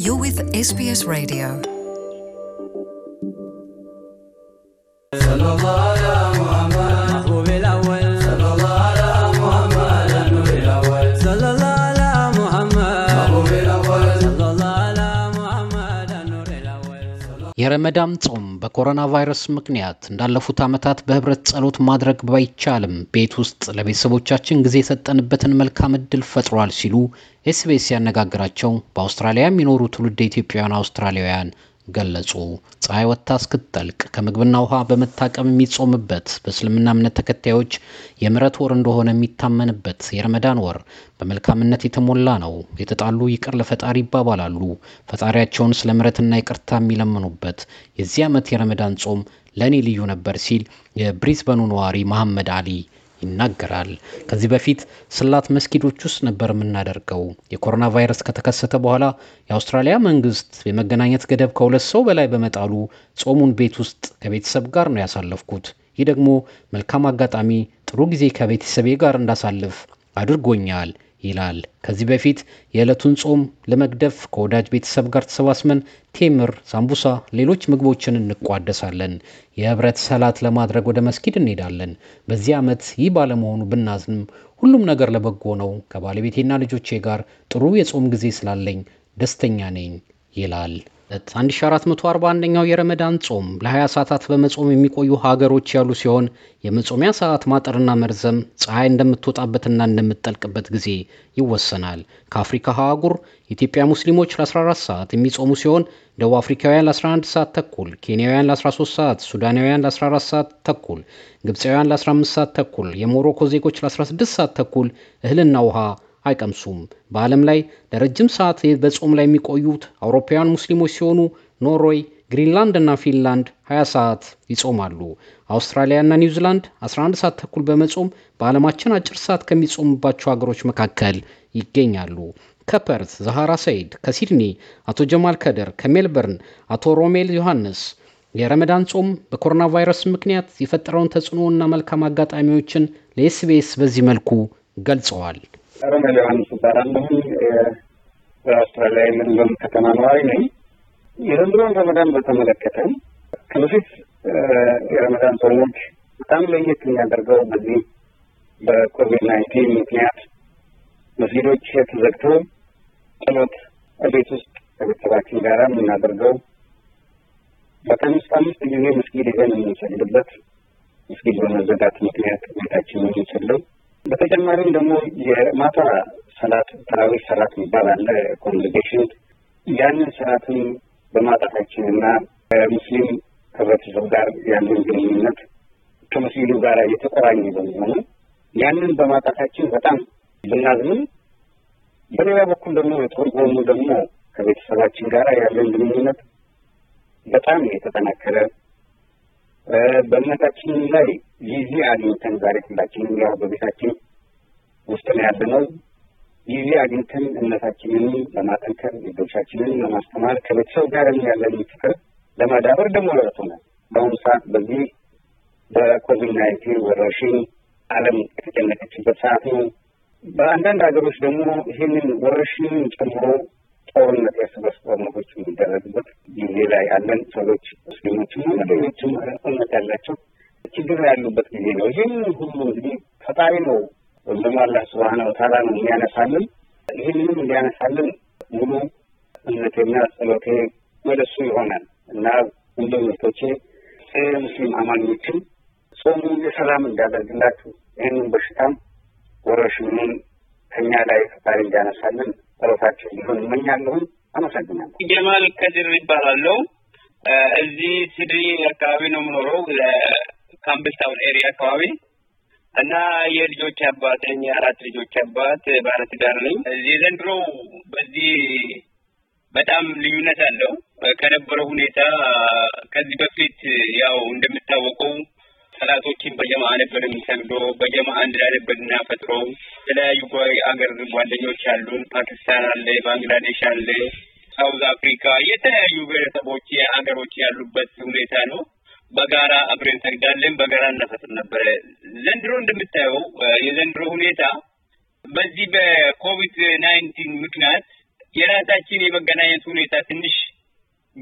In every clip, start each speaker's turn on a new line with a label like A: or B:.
A: You're with SBS Radio.
B: የረመዳን ጾም በኮሮና ቫይረስ ምክንያት እንዳለፉት ዓመታት በህብረት ጸሎት ማድረግ ባይቻልም ቤት ውስጥ ለቤተሰቦቻችን ጊዜ የሰጠንበትን መልካም እድል ፈጥሯል ሲሉ ኤስቢኤስ ያነጋግራቸው በአውስትራሊያ የሚኖሩ ትውልድ ኢትዮጵያውያን አውስትራሊያውያን ገለጹ። ፀሐይ ወጥታ እስክትጠልቅ ከምግብና ውሃ በመታቀም የሚጾምበት በእስልምና እምነት ተከታዮች የምሕረት ወር እንደሆነ የሚታመንበት የረመዳን ወር በመልካምነት የተሞላ ነው። የተጣሉ ይቅር ለፈጣሪ ይባባላሉ፣ ፈጣሪያቸውን ስለ ምሕረትና ይቅርታ የሚለምኑበት የዚህ ዓመት የረመዳን ጾም ለእኔ ልዩ ነበር ሲል የብሪስበኑ ነዋሪ መሐመድ አሊ ይናገራል። ከዚህ በፊት ስላት መስጊዶች ውስጥ ነበር የምናደርገው። የኮሮና ቫይረስ ከተከሰተ በኋላ የአውስትራሊያ መንግስት የመገናኘት ገደብ ከሁለት ሰው በላይ በመጣሉ ጾሙን ቤት ውስጥ ከቤተሰብ ጋር ነው ያሳለፍኩት። ይህ ደግሞ መልካም አጋጣሚ፣ ጥሩ ጊዜ ከቤተሰቤ ጋር እንዳሳልፍ አድርጎኛል። ይላል። ከዚህ በፊት የዕለቱን ጾም ለመግደፍ ከወዳጅ ቤተሰብ ጋር ተሰባስበን ቴምር፣ ሳምቡሳ፣ ሌሎች ምግቦችን እንቋደሳለን። የህብረት ሰላት ለማድረግ ወደ መስጊድ እንሄዳለን። በዚህ ዓመት ይህ ባለመሆኑ ብናዝንም ሁሉም ነገር ለበጎ ነው። ከባለቤቴና ልጆቼ ጋር ጥሩ የጾም ጊዜ ስላለኝ ደስተኛ ነኝ ይላል። ለት 1441ኛው የረመዳን ጾም ለ20 ሰዓታት በመጾም የሚቆዩ ሀገሮች ያሉ ሲሆን የመጾሚያ ሰዓት ማጠርና መርዘም ፀሐይ እንደምትወጣበትና እንደምትጠልቅበት ጊዜ ይወሰናል። ከአፍሪካ አህጉር ኢትዮጵያ ሙስሊሞች ለ14 ሰዓት የሚጾሙ ሲሆን ደቡብ አፍሪካውያን ለ11 ሰዓት ተኩል፣ ኬንያውያን ለ13 ሰዓት፣ ሱዳናውያን ለ14 ሰዓት ተኩል፣ ግብፃውያን ለ15 ሰዓት ተኩል፣ የሞሮኮ ዜጎች ለ16 ሰዓት ተኩል እህልና ውሃ አይቀምሱም። በዓለም ላይ ለረጅም ሰዓት በጾም ላይ የሚቆዩት አውሮፓውያን ሙስሊሞች ሲሆኑ ኖርዌይ፣ ግሪንላንድ እና ፊንላንድ 20 ሰዓት ይጾማሉ። አውስትራሊያ እና ኒውዚላንድ 11 ሰዓት ተኩል በመጾም በዓለማችን አጭር ሰዓት ከሚጾምባቸው ሀገሮች መካከል ይገኛሉ። ከፐርት ዛሃራ ሰይድ፣ ከሲድኒ አቶ ጀማል ከደር፣ ከሜልበርን አቶ ሮሜል ዮሐንስ የረመዳን ጾም በኮሮና ቫይረስ ምክንያት የፈጠረውን ተጽዕኖና መልካም አጋጣሚዎችን ለኤስቢኤስ በዚህ መልኩ ገልጸዋል።
C: አረመ ዮሐንስ እባላለሁ። በአውስትራሊያ የመልበርን ከተማ ነዋሪ ነኝ። የዘንድሮን ረመዳን በተመለከተ ከበፊት የረመዳን ጾሞች በጣም ለየት የሚያደርገው በዚህ በኮቪድ ናይንቲን ምክንያት መስጊዶች ተዘግተው ጸሎት ቤት ውስጥ ከቤተሰባችን ጋር የምናደርገው በቀን ውስጥ አምስት ጊዜ መስጊድ ይዘን የምንሰግድበት መስጊድ በመዘጋት ምክንያት ቤታችን በተጨማሪም ደግሞ የማታ ሰላት ተራዊህ ሰላት የሚባል አለ ኮንግሪጌሽን ያንን ስርዓትም በማጣታችን እና ከሙስሊም ህብረተሰብ ጋር ያለን ግንኙነት ከሙስሊሙ ጋር የተቆራኘ በመሆኑ ያንን በማጣታችን በጣም ብናዝንም፣ በሌላ በኩል ደግሞ የተወጎኑ ደግሞ ከቤተሰባችን ጋር ያለን ግንኙነት በጣም የተጠናከረ በእምነታችን ላይ ጊዜ አግኝተን ዛሬ ሁላችንም ያው በቤታችን ውስጥ ነው ያለነው። ጊዜ አግኝተን እምነታችንን ለማጠንከር ልጆቻችንን ለማስተማር ከቤተሰብ ጋር ያለን ፍቅር ለማዳበር ደግሞ ረድቶናል። በአሁኑ ሰዓት በዚህ በኮቪድ ናይንቲን ወረርሽኝ ዓለም የተጨነቀችበት ሰዓት ነው። በአንዳንድ ሀገሮች ደግሞ ይህንን ወረርሽኝን ጨምሮ ጦርነት፣ የእርስ በርስ ጦርነቶች የሚደረግበት ጊዜ ላይ ያለን ሰዎች ሙስሊሞችም ሆነ ሌሎችም እምነት ያላቸው ችግር ያሉበት ጊዜ ነው። ይህን ሁሉ እንግዲህ ፈጣሪ ነው ደግሞ አላህ ስብሀነ ወተዓላ ነው እንዲያነሳልን ይህንንም እንዲያነሳልን ሙሉ እምነቴና ጸሎቴ መለሱ ይሆናል እና ወንድም እህቶቼ ሙስሊም አማኞችን ጾሙ የሰላም እንዳደርግላችሁ ይህንን በሽታም ወረርሽኙን ከኛ ላይ ፈጣሪ እንዲያነሳልን ጸሎታችን ሊሆን እመኛለሁን። አመሰግናለሁ።
D: ጀማል ከድር ይባላለሁ። እዚህ ሲድኒ አካባቢ ነው የምኖረው፣ ለካምብልታውን ኤሪያ አካባቢ እና የልጆች አባት ነኝ። አራት ልጆች አባት ባለትዳር ነኝ። እዚህ የዘንድሮ በዚህ በጣም ልዩነት አለው ከነበረው ሁኔታ። ከዚህ በፊት ያው እንደምታወቀው ሰላቶችን በጀማዓ ነበር የሚሰግደው። በጀማዓ አንድ ላይ ነበር ፈጥሮ የተለያዩ አገር ጓደኞች አሉን። ፓኪስታን አለ፣ ባንግላዴሽ አለ፣ ሳውዝ አፍሪካ የተለያዩ ብሔረሰቦች አገሮች ያሉበት ሁኔታ ነው። በጋራ አብረን እንሰግዳለን፣ በጋራ እናሰፍር ነበረ። ዘንድሮ እንደምታየው የዘንድሮ ሁኔታ በዚህ በኮቪድ ናይንቲን ምክንያት የራሳችን የመገናኘት ሁኔታ ትንሽ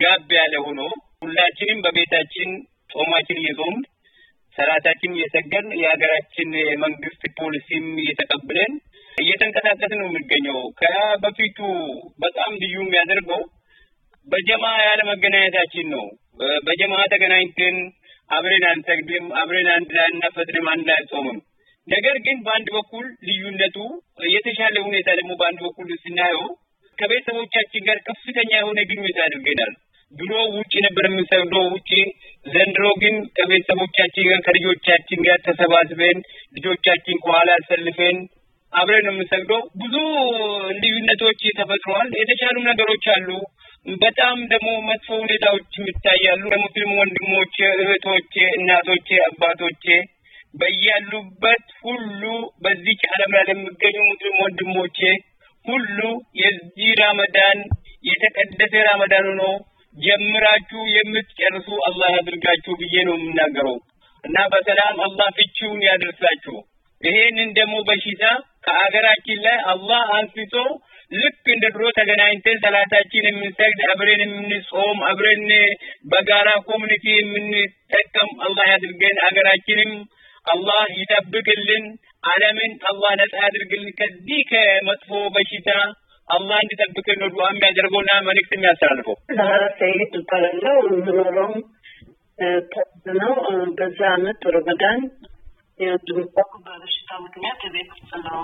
D: ጋብ ያለ ሆኖ ሁላችንም በቤታችን ጾማችን እየጾም ሰራታችን እየሰገን የሀገራችን መንግስት ፖሊሲም እየተቀብለን እየተንቀሳቀስ ነው የሚገኘው። ከበፊቱ በጣም ልዩ የሚያደርገው በጀማ ያለ መገናኘታችን ነው። በጀማዓ ተገናኝተን አብረን አንሰግድም፣ አብረን አንድ ላይ አናፈጥንም፣ አንድ ላይ አንጾምም። ነገር ግን በአንድ በኩል ልዩነቱ የተሻለ ሁኔታ ደግሞ በአንድ በኩል ስናየው ከቤተሰቦቻችን ጋር ከፍተኛ የሆነ ግንኙነት አድርገናል። ድሮ ውጭ ነበር የምንሰግደው ውጭ። ዘንድሮ ግን ከቤተሰቦቻችን ጋር ከልጆቻችን ጋር ተሰባስበን ልጆቻችን ከኋላ አሰልፈን አብረን ነው የምንሰግደው። ብዙ ልዩነቶች ተፈጥረዋል። የተሻሉ ነገሮች አሉ። በጣም ደግሞ መጥፎ ሁኔታዎች ይታያሉ። ለሙስሊም ወንድሞቼ፣ እህቶቼ፣ እናቶቼ፣ አባቶቼ በያሉበት ሁሉ በዚች ዓለም ላይ ለሚገኙ ሙስሊም ወንድሞቼ ሁሉ የዚህ ራመዳን የተቀደሰ ራመዳን ሆኖ ጀምራችሁ የምትጨርሱ አላህ ያድርጋችሁ ብዬ ነው የምናገረው እና በሰላም አላህ ፍቺውን ያደርሳችሁ። ይሄንን ደግሞ በሽታ ከአገራችን ላይ አላህ አንስቶ ልክ እንደ ድሮ ተገናኝተን ሰላታችን የምንሰግድ አብረን የምንጾም አብረን በጋራ ኮሚኒቲ የምንጠቀም አላህ ያድርገን። አገራችንም አላህ ይጠብቅልን። ዓለምን አላህ ነጻ ያድርግልን ከዚህ ከመጥፎ በሽታ አላህ እንዲጠብቅን ነው ዱዓ የሚያደርገውና
A: መልእክት የሚያስተላልፈው። ሰይድ እባላለሁ። ምኖረውም ነው በዛ አመት ረመዳን በሽታ ምክንያት ቤት ውስጥ ነው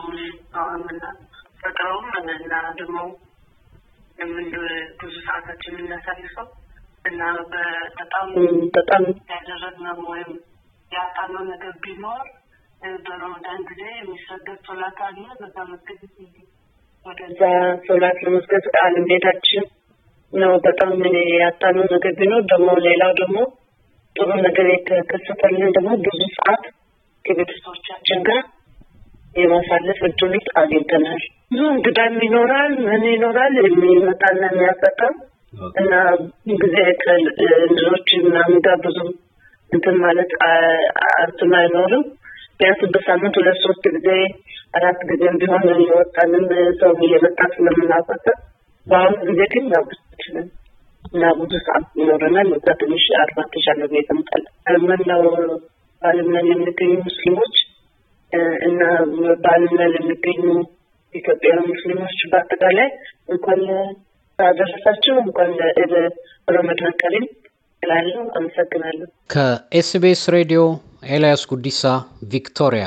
A: ፈጥረውም ማለት እና ደግሞ የምን ብዙ ሰዓታችን የምናሳልፈው እና በጣም በጣም ያደረግነው ወይም ያጣነው ነገር ቢኖር በረመዳን ጊዜ የሚሰገድ ሶላት አለ። በዛ መገኘት ወደዛ ሶላት ለመስገድ አለም ቤታችን ነው። በጣም ምን ያጣነው ነገር ቢኖር ደግሞ ሌላው ደግሞ ጥሩ ነገር የተከሰተልን ደግሞ ብዙ ሰዓት ከቤተሰቦቻችን ጋር የማሳለፍ እድሉት አግኝተናል። ብዙ እንግዳም ይኖራል ምን ይኖራል የሚመጣና የሚያፈጠም እና ጊዜ ቀል ልጆች ምናምን ጋር ብዙ እንትን ማለት እንትን አይኖርም። ቢያንስ በሳምንት ሁለት ሶስት ጊዜ አራት ጊዜም ቢሆን እየወጣንም ሰው እየመጣ ስለምናፈጠር በአሁኑ ጊዜ ግን ያው እና ብዙ ሰዓት ይኖረናል። እዛ ትንሽ አርባት ሻለ ቤተምጣል መላው ባልና የሚገኙ ሙስሊሞች እና ባልና የሚገኙ ኢትዮጵያውያን ሙስሊሞች በአጠቃላይ እንኳን አደረሳችሁ እንኳን ለኢድ ረመዳን ከሪም እላለሁ። አመሰግናለሁ።
B: ከኤስቢኤስ ሬዲዮ ኤልያስ ጉዲሳ ቪክቶሪያ